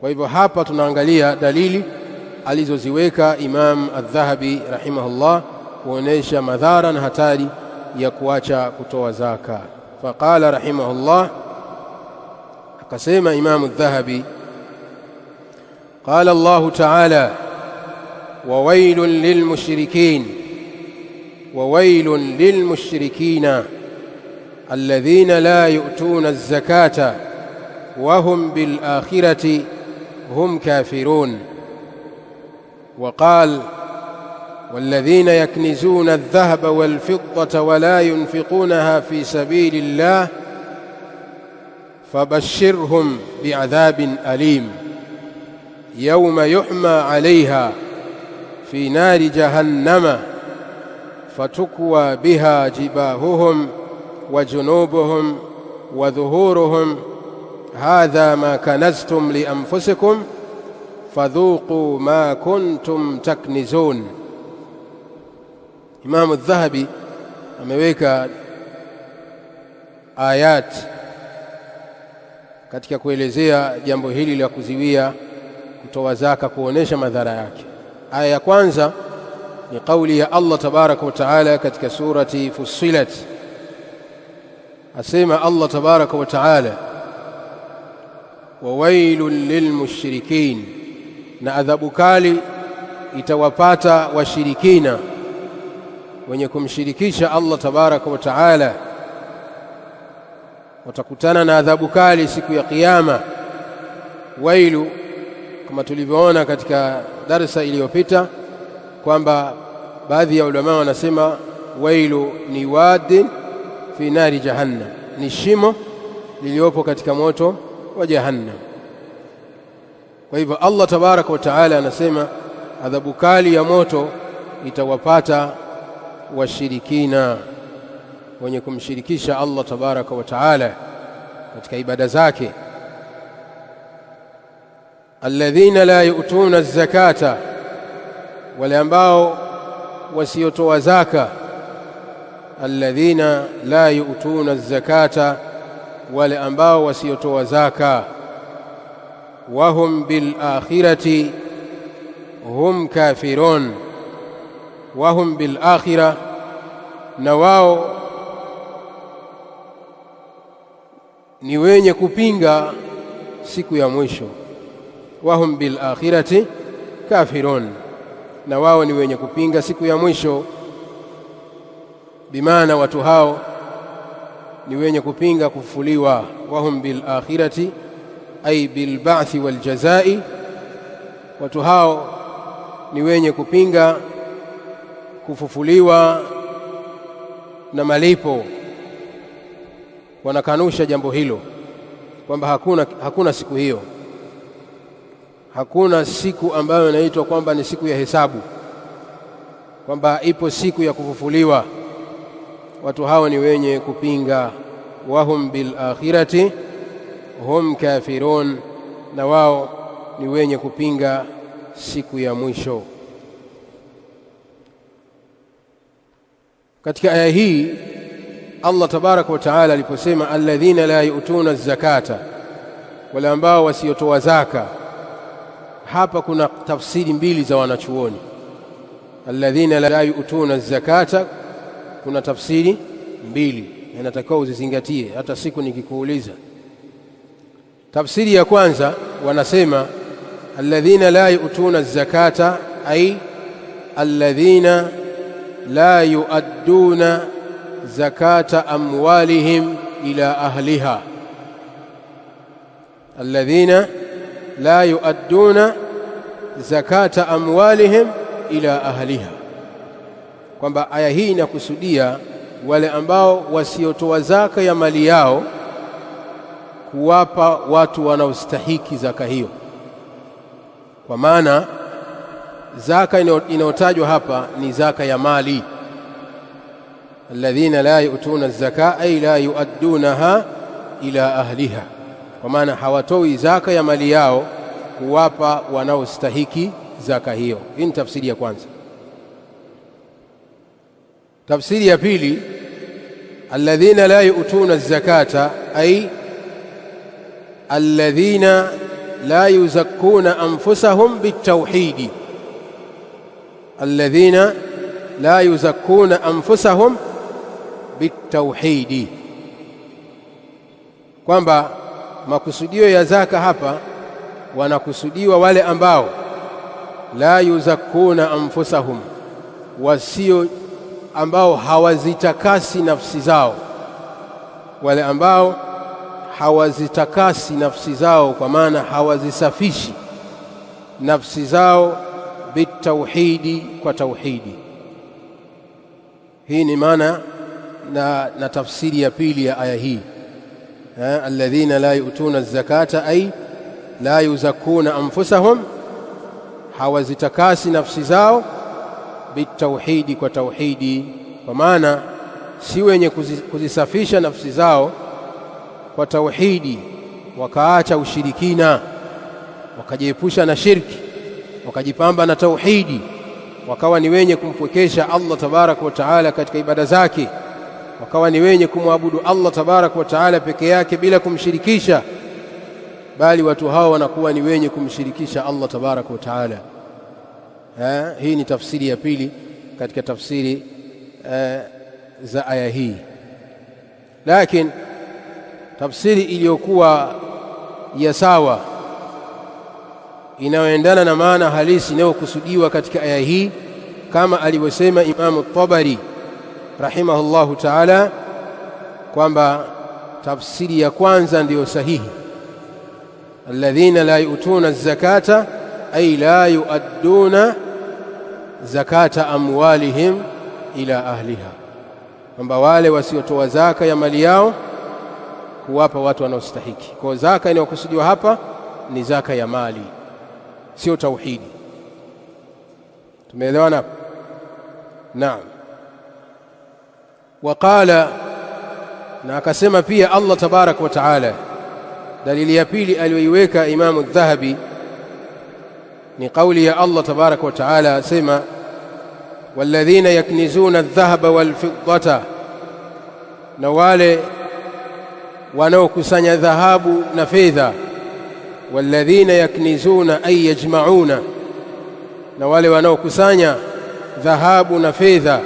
Kwa hivyo hapa tunaangalia dalili alizoziweka Imam Adh-Dhahabi rahimahullah kuonesha madhara na hatari ya kuacha kutoa zaka. Faqala rahimahullah, akasema Imam Adh-Dhahabi, qala allah ta'ala wa lil mushrikeen wa lilmushrikin lil lilmushrikina alladhina la yu'tuna az-zakata wa hum bil akhirati هم كافرون وقال والذين يكنزون الذهب والفضة ولا ينفقونها في سبيل الله فبشرهم بعذاب أليم يوم يحمى عليها في نار جهنم فتكوى بها جباههم وجنوبهم وظهورهم هذا ما كنزتم لأنفسكم فذوقوا ما كنتم تكنزون Imamu Dhahabi ameweka ayat katika kuelezea jambo hili la kuziwia kutoa zaka, kuonesha madhara yake. Aya ya kwanza ni kauli ya Allah tabaraka wa taala katika surati fusilat asema Allah tabaraka wa taala wa wailun lilmushrikin, na adhabu kali itawapata washirikina wenye kumshirikisha Allah tabaraka wa taala, watakutana na adhabu kali siku ya Kiyama. Wailu kama tulivyoona katika darsa iliyopita kwamba baadhi ya ulama wanasema wailu ni wadin fi nari jahannam, ni shimo liliopo katika moto wa jahannam. Kwa hivyo Allah tabaraka wa taala anasema adhabu kali ya moto itawapata washirikina wenye kumshirikisha Allah tabaraka wa taala katika ibada zake, alladhina la yu'tuna zakata, wale ambao wasiotoa zaka, alladhina la yu'tuna zakata wale ambao wasiotoa zaka. Wahum bil akhirati hum kafirun, wahum bil akhira, na wao ni wenye kupinga siku ya mwisho. Wahum bil akhirati kafirun, na wao ni wenye kupinga siku ya mwisho. Bimaana watu hao ni wenye kupinga kufufuliwa. Wahum bil akhirati ay bil ba'thi wal jazai, watu hao ni wenye kupinga kufufuliwa na malipo. Wanakanusha jambo hilo kwamba hakuna, hakuna siku hiyo, hakuna siku ambayo inaitwa kwamba ni siku ya hesabu, kwamba ipo siku ya kufufuliwa watu hawa ni wenye kupinga. Wahum bil akhirati hum kafirun, na wao ni wenye kupinga siku ya mwisho. Katika aya hii Allah tabaraka wa taala aliposema alladhina la yu'tuna zakata, wale ambao wasiotoa zaka. Hapa kuna tafsiri mbili za wanachuoni, alladhina la yu'tuna zakata kuna tafsiri mbili inatakiwa uzizingatie hata siku nikikuuliza. Tafsiri ya kwanza wanasema alladhina la yu'tuna zakata ay alladhina la yuadduna zakata amwalihim ila ahliha, alladhina la yuadduna zakata amwalihim ila ahliha kwamba aya hii inakusudia wale ambao wasiotoa zaka ya mali yao kuwapa watu wanaostahiki zaka hiyo, kwa maana zaka inayotajwa hapa ni zaka ya mali. Alladhina la yu'tuna zaka ai la yuaddunaha ila ahliha, kwa maana hawatoi zaka ya mali yao kuwapa wanaostahiki zaka hiyo. Hii ni tafsiri ya kwanza. Tafsiri ya pili, alladhina la yu'tuna zakata, ay alladhina la yuzakkuna anfusahum bitauhidi, alladhina la yuzakkuna anfusahum bitauhidi, kwamba makusudio ya zaka hapa wanakusudiwa wale ambao la yuzakkuna anfusahum wasio ambao hawazitakasi nafsi zao, wale ambao hawazitakasi nafsi zao, kwa maana hawazisafishi nafsi zao bitauhidi, kwa tauhidi. Hii ni maana na, na tafsiri ya pili ya aya hii alladhina la yu'tuna zakata ay la yuzakuna anfusahum, hawazitakasi nafsi zao bitauhidi, kwa tauhidi, kwa maana si wenye kuzisafisha nafsi zao kwa tauhidi, wakaacha ushirikina, wakajiepusha na shirki, wakajipamba na tauhidi, wakawa ni wenye kumpwekesha Allah tabaraka wa taala katika ibada zake, wakawa ni wenye kumwabudu Allah tabaraka wa taala peke yake bila kumshirikisha, bali watu hao wanakuwa ni wenye kumshirikisha Allah tabaraka wa taala eh, hii ni tafsiri ya pili katika tafsiri eh, za aya hii, lakini tafsiri iliyokuwa ya sawa inayoendana na maana halisi inayokusudiwa katika aya hii kama alivyosema Imamu Tabari rahimahullahu taala kwamba tafsiri ya kwanza ndiyo sahihi, alladhina la yu'tuna az-zakata ay la yu'adduna zakata amwalihim ila ahliha, kwamba wale wasiotoa zaka ya mali yao kuwapa watu wanaostahiki. Kwa zaka inayokusudiwa hapa ni zaka ya mali, sio tauhidi. Tumeelewana hapo? Naam. Waqala, na akasema pia Allah tabaraka wa taala. Dalili ya pili aliyoiweka Imamu Dhahabi ni kauli ya Allah tabaraka wa taala asema والذين يكنزون الذهب والفضة نوالي ونوكسن ذهاب نفيذا والذين يكنزون أي يجمعون نوالي ونوكسن ذهاب نفيذا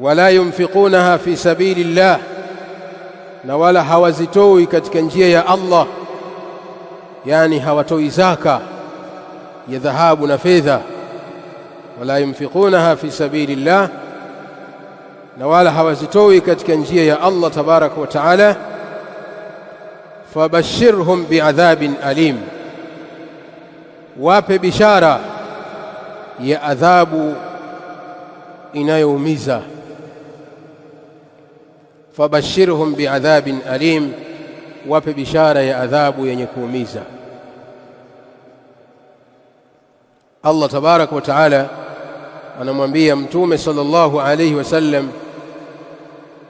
ولا ينفقونها في سبيل الله نوالا هوازتوي كتكنجية يا الله يعني هوازتوي زاكا يذهاب نفيذا ولا ينفقونها في سبيل الله نوالها وزتوي كتكنجية يا الله تبارك وتعالى فبشرهم بعذاب أليم وابي بشارة يا عذاب إن يوميزا فبشرهم بعذاب أليم وابي بشارة يا عذاب ينكوميزا الله تبارك وتعالى anamwambia Mtume sallallahu alayhi wasallam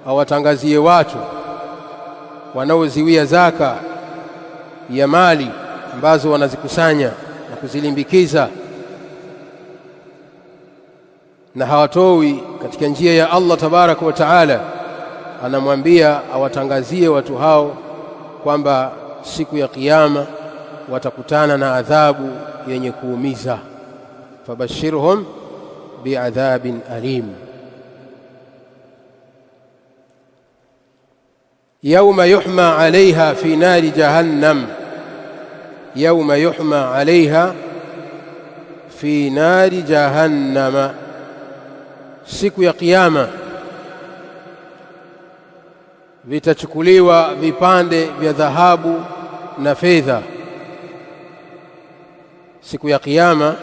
awatangazie watu wanaoziwia zaka ya mali ambazo wanazikusanya na kuzilimbikiza na hawatoi katika njia ya Allah tabaraka wa taala, anamwambia awatangazie watu hao kwamba siku ya Kiyama watakutana na adhabu yenye kuumiza. fabashirhum بعذاب أليم يوم يحمى عليها في نار جهنم يوم يحمى عليها في نار جهنم siku ya kiyama vitachukuliwa vipande vya dhahabu na fedha siku ya kiyama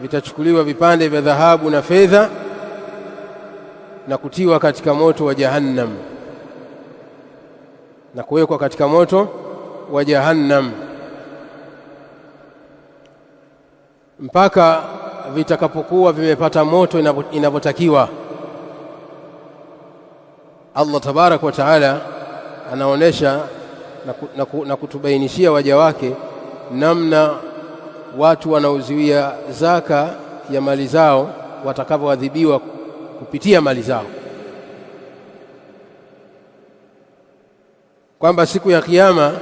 vitachukuliwa vipande vya dhahabu na fedha na kutiwa katika moto wa Jahannam, na kuwekwa katika moto wa Jahannam mpaka vitakapokuwa vimepata moto inavyotakiwa. Allah tabaraka wa taala anaonesha na kutubainishia waja wake namna watu wanaozuia zaka ya mali zao watakavyoadhibiwa kupitia mali zao, kwamba siku ya Kiyama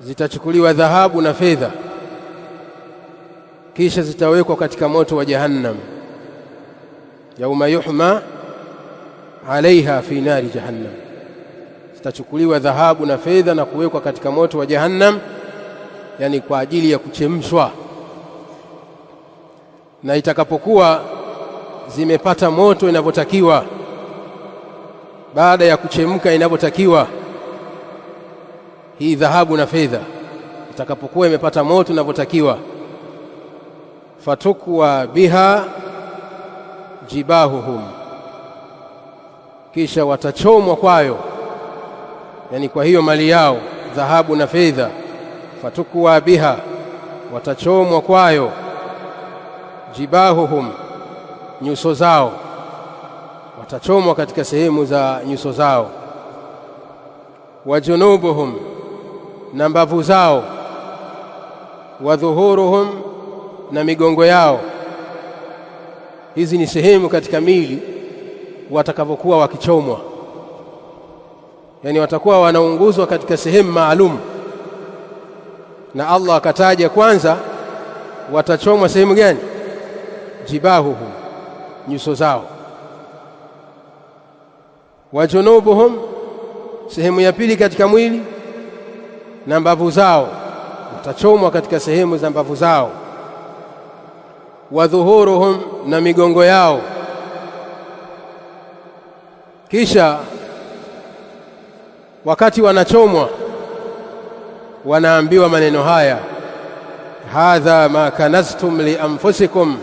zitachukuliwa dhahabu na fedha kisha zitawekwa katika moto wa Jahannam, yauma yuhma alaiha fi nari Jahannam. Zitachukuliwa dhahabu na fedha na kuwekwa katika moto wa Jahannam yani kwa ajili ya kuchemshwa, na itakapokuwa zimepata moto inavyotakiwa, baada ya kuchemka inavyotakiwa, hii dhahabu na fedha itakapokuwa imepata moto inavyotakiwa, fatukwa biha jibahuhum, kisha watachomwa kwayo, yani kwa hiyo mali yao, dhahabu na fedha fatukuwa biha, watachomwa kwayo. Jibahuhum, nyuso zao, watachomwa katika sehemu za nyuso zao. Wa junubuhum, na mbavu zao. Wa dhuhuruhum, na migongo yao. Hizi ni sehemu katika mili watakavyokuwa wakichomwa, yani watakuwa wanaunguzwa katika sehemu maalumu na Allah akataja kwanza watachomwa sehemu gani? Jibahuhum, nyuso zao. Wa junubuhum, sehemu ya pili katika mwili, na mbavu zao, watachomwa katika sehemu za mbavu zao. Wa dhuhuruhum, na migongo yao. Kisha wakati wanachomwa wanaambiwa maneno haya, hadha ma kanaztum li anfusikum,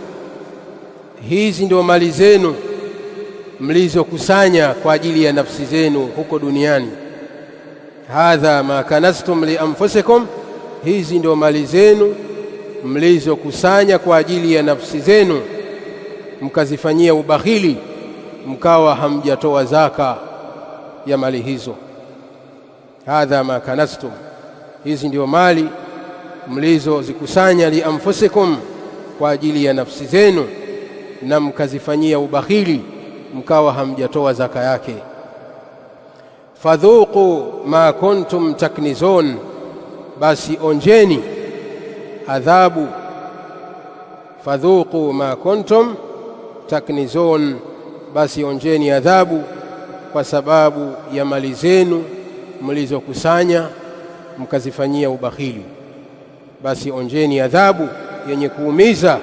hizi ndio mali zenu mlizokusanya kwa ajili ya nafsi zenu huko duniani. Hadha ma kanaztum li anfusikum, hizi ndio mali zenu mlizokusanya kwa ajili ya nafsi zenu, mkazifanyia ubahili, mkawa hamjatoa zaka ya mali hizo. Hadha ma kanaztum hizi ndio mali mlizozikusanya lianfusikum, kwa ajili ya nafsi zenu, na mkazifanyia ubakhili, mkawa hamjatoa zaka yake. fadhuku ma kuntum taknizun, basi onjeni adhabu. fadhuku ma kuntum taknizun, basi onjeni adhabu kwa sababu ya mali zenu mlizokusanya mkazifanyia ubakhili, basi onjeni adhabu yenye kuumiza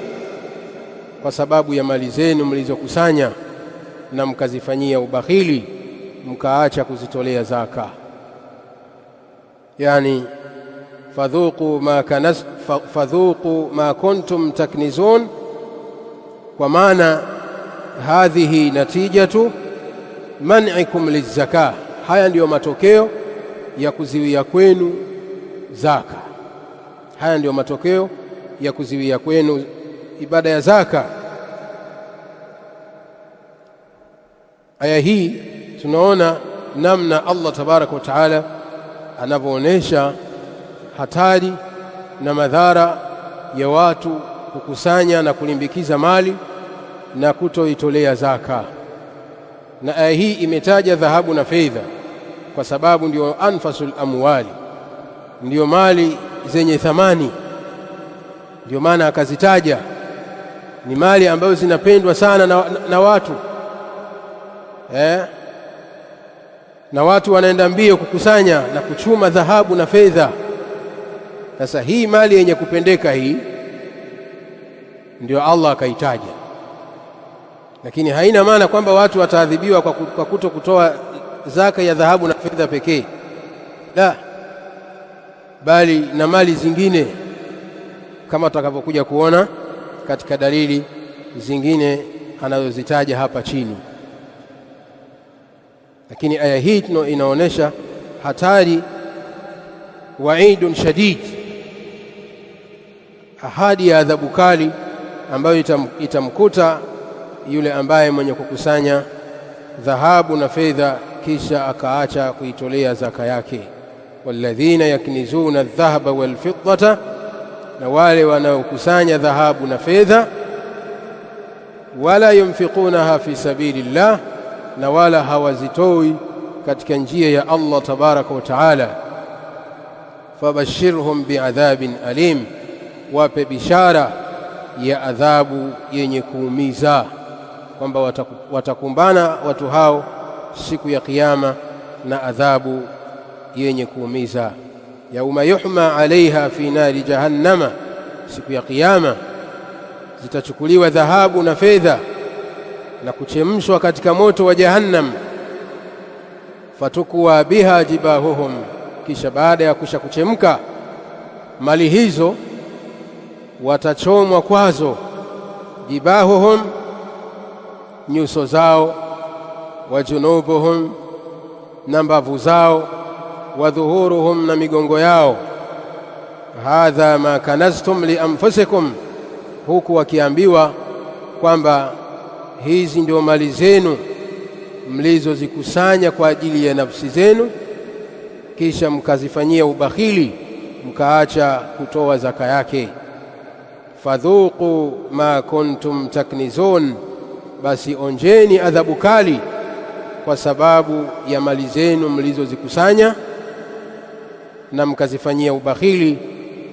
kwa sababu ya mali zenu mlizokusanya, na mkazifanyia ubakhili, mkaacha kuzitolea zaka. Yani fadhuku ma kanas, fadhuku ma kuntum taknizun, kwa maana hadhihi natijatu man'ikum lizaka, haya ndiyo matokeo ya kuziwia kwenu zaka. Haya ndiyo matokeo ya kuziwia kwenu ibada ya zaka. Aya hii tunaona namna Allah tabaraka wa taala anavyoonesha hatari na madhara ya watu kukusanya na kulimbikiza mali na kutoitolea zaka, na aya hii imetaja dhahabu na fedha kwa sababu ndiyo anfasul amwali, ndiyo mali zenye thamani. Ndiyo maana akazitaja ni mali ambayo zinapendwa sana na, na, na watu eh? na watu wanaenda mbio kukusanya na kuchuma dhahabu na fedha. Sasa hii mali yenye kupendeka hii ndio Allah akaitaja, lakini haina maana kwamba watu wataadhibiwa kwa kuto kutoa zaka ya dhahabu na fedha pekee, la bali na mali zingine, kama tutakavyokuja kuona katika dalili zingine anazozitaja hapa chini. Lakini aya hii tuno inaonyesha hatari, waidun shadid, ahadi ya adhabu kali ambayo itam, itamkuta yule ambaye mwenye kukusanya dhahabu na fedha kisha akaacha kuitolea zaka yake. walladhina yaknizuna aldhahaba walfiddata, na wale wanaokusanya dhahabu na fedha. wala yunfiqunaha fi sabilillah, na wala hawazitoi katika njia ya Allah tabaraka wa taala. fabashirhum biadhabin alim, wape bishara ya adhabu yenye kuumiza, kwamba watakumbana watu hao siku ya Kiyama na adhabu yenye kuumiza. Yauma yuhma alaiha fi nari jahannama, siku ya Kiyama zitachukuliwa dhahabu na fedha na kuchemshwa katika moto wa Jahannam. Fatukuwa biha jibahuhum, kisha baada ya kusha kuchemka mali hizo watachomwa kwazo. Jibahuhum, nyuso zao wa junubuhum, na mbavu zao, wa dhuhuruhum, na migongo yao. Hadha ma kanaztum li anfusikum, huku wakiambiwa kwamba hizi ndio mali zenu mlizozikusanya kwa ajili ya nafsi zenu, kisha mkazifanyia ubakhili, mkaacha kutoa zaka yake. fadhuku ma kuntum taknizun, basi onjeni adhabu kali kwa sababu ya mali zenu mlizozikusanya na mkazifanyia ubahili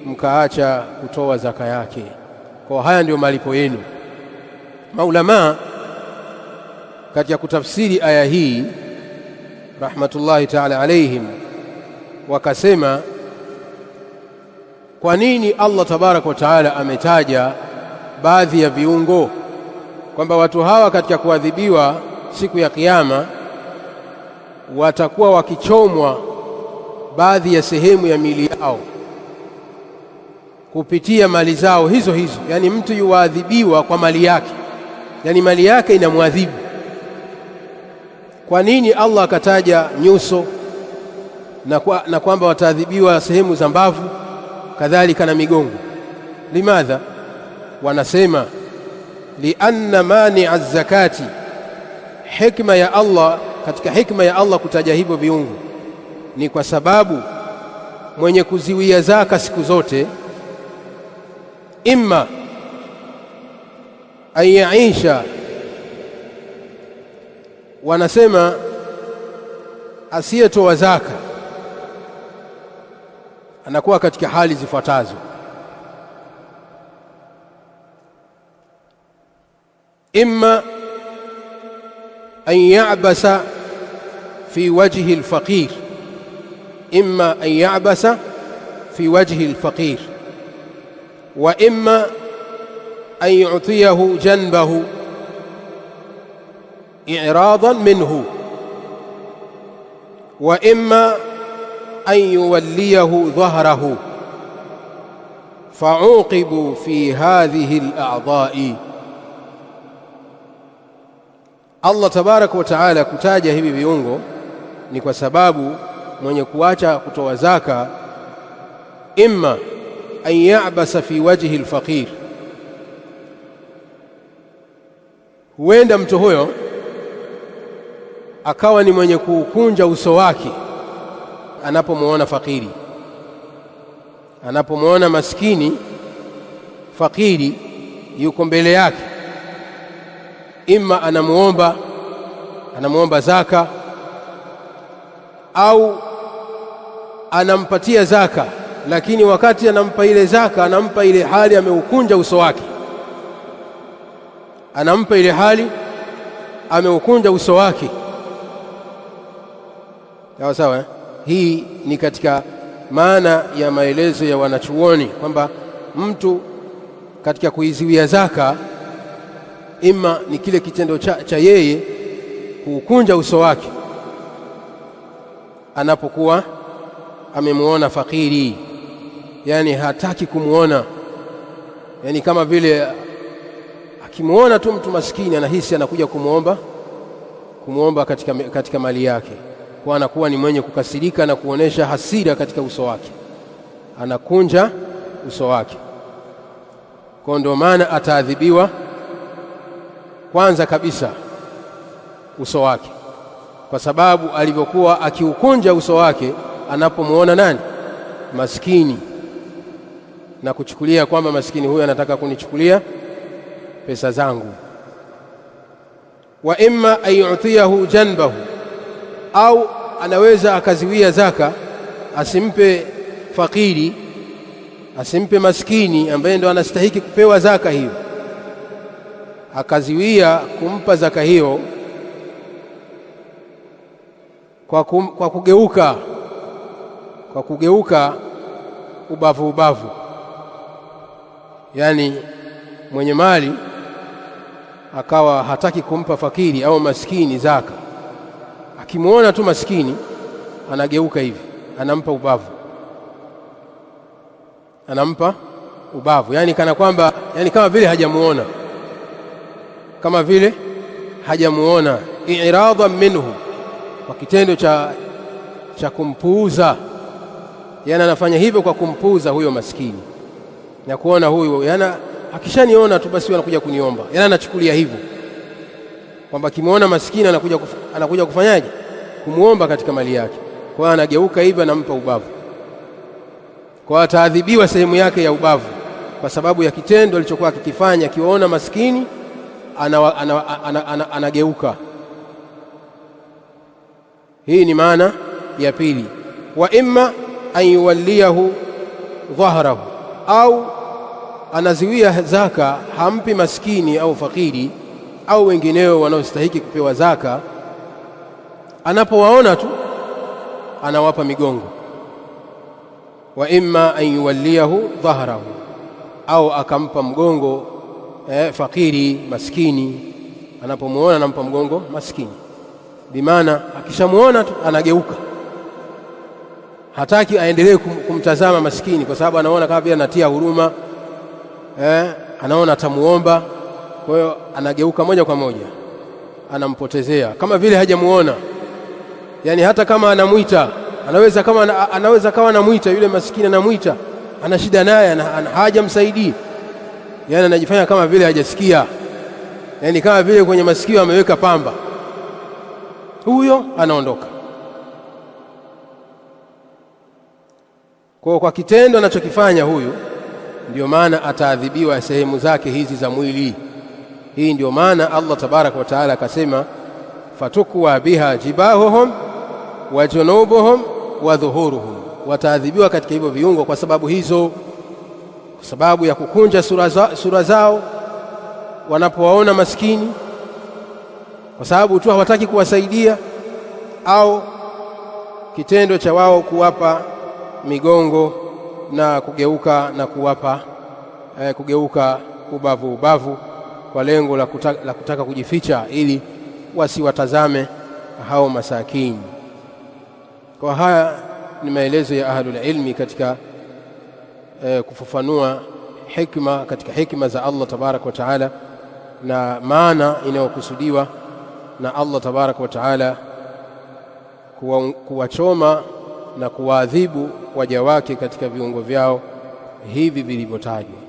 mkaacha kutoa zaka yake. Kwa haya ndiyo malipo yenu. Maulamaa katika kutafsiri aya hii rahmatullahi taala alaihim wakasema, kwa nini Allah tabaraka wa taala ametaja baadhi ya viungo kwamba watu hawa katika kuadhibiwa siku ya Kiyama watakuwa wakichomwa baadhi ya sehemu ya miili yao kupitia mali zao hizo hizo. Yani mtu yuadhibiwa kwa mali yake, yani mali yake inamwadhibu. Kwa nini Allah akataja nyuso na, kwa, na kwamba wataadhibiwa sehemu za mbavu kadhalika na migongo? Limadha? Wanasema lianna mania zakati, hikma ya Allah katika hikma ya Allah kutaja hivyo viungu ni kwa sababu mwenye kuziwia zaka siku zote, imma an yaisha, wanasema asiyetoa zaka anakuwa katika hali zifuatazo: imma أن يعبس في وجه الفقير إما أن يعبس في وجه الفقير وإما أن يعطيه جنبه إعراضا منه وإما أن يوليه ظهره فعوقبوا في هذه الأعضاء Allah tabaraka wa taala kutaja hivi viungo ni kwa sababu mwenye kuacha kutoa zaka, imma an yabasa fi wajhi lfaqir, huenda mtu huyo akawa ni mwenye kuukunja uso wake anapomwona fakiri, anapomwona maskini fakiri yuko mbele yake imma anamuomba anamuomba zaka au anampatia zaka, lakini wakati anampa ile zaka anampa ile hali ameukunja uso wake, anampa ile hali ameukunja uso wake. Sawa sawa eh? Hii ni katika maana ya maelezo ya wanachuoni kwamba mtu katika kuiziwia zaka ima ni kile kitendo cha, cha yeye kuukunja uso wake anapokuwa amemwona fakiri, yani hataki kumwona, yani kama vile akimwona tu mtu maskini anahisi anakuja kumwomba kumwomba katika, katika mali yake, kwa anakuwa ni mwenye kukasirika na kuonesha hasira katika uso wake, anakunja uso wake, kwa ndio maana ataadhibiwa kwanza kabisa uso wake, kwa sababu alivyokuwa akiukunja uso wake anapomuona nani maskini, na kuchukulia kwamba maskini huyo anataka kunichukulia pesa zangu. Wa imma an yu'tiyahu janbahu, au anaweza akaziwia zaka, asimpe fakiri, asimpe maskini ambaye ndo anastahiki kupewa zaka hiyo akaziwia kumpa zaka hiyo kwa, kum, kwa kugeuka kwa kugeuka ubavu ubavu, yani mwenye mali akawa hataki kumpa fakiri au maskini zaka, akimwona tu maskini anageuka hivi, anampa ubavu, anampa ubavu, yani kana kwamba, yani kama vile hajamuona kama vile hajamuona, iradha minhu, kwa kitendo cha, cha kumpuuza. Yana anafanya hivyo kwa kumpuuza huyo maskini na kuona huyo, yana akishaniona tu basi anakuja kuniomba, yana anachukulia hivyo kwamba akimwona maskini anakuja, kuf, anakuja kufanyaje kumuomba katika mali yake. Kwa hiyo anageuka hivyo, anampa ubavu, kwa ataadhibiwa sehemu yake ya ubavu kwa sababu ya kitendo alichokuwa akikifanya, akiwaona maskini anageuka Hii ni maana ya pili, wa imma an yuwalliyahu dhahrahu, au anaziwia zaka, hampi maskini au fakiri au wengineo wanaostahiki kupewa zaka, anapowaona tu anawapa migongo. Wa imma an yuwalliyahu dhahrahu, au akampa mgongo eh, fakiri maskini anapomwona anampa mgongo maskini, bimaana akishamwona tu anageuka, hataki aendelee kum, kumtazama maskini, kwa sababu anaona kama vile anatia huruma eh, anaona atamuomba. Kwa hiyo anageuka moja kwa moja anampotezea, kama vile hajamuona. Yani hata kama anamwita anaweza, kama anaweza kawa anamwita yule maskini, anamwita ana shida naye, hajamsaidii yani anajifanya kama vile hajasikia, yani kama vile kwenye masikio ameweka pamba, huyo anaondoka. Kwa kwa kitendo anachokifanya huyu, ndiyo maana ataadhibiwa sehemu zake hizi za mwili. Hii ndiyo maana Allah tabaraka wa taala akasema, fatukuwa biha jibahuhum wa junubuhum wa dhuhuruhum, wataadhibiwa katika hivyo viungo kwa sababu hizo kwa sababu ya kukunja sura zao, sura zao wanapowaona maskini, kwa sababu tu hawataki kuwasaidia au kitendo cha wao kuwapa migongo na kugeuka na kuwapa eh, kugeuka ubavu ubavu kwa lengo la kutaka, la kutaka kujificha ili wasiwatazame hao masakini. Kwa haya ni maelezo ya ahlul ilmi katika Eh, kufafanua hikma katika hikma za Allah tabaraka wa taala na maana inayokusudiwa na Allah tabaraka wa taala kuwachoma na kuwaadhibu waja wake katika viungo vyao hivi vilivyotajwa.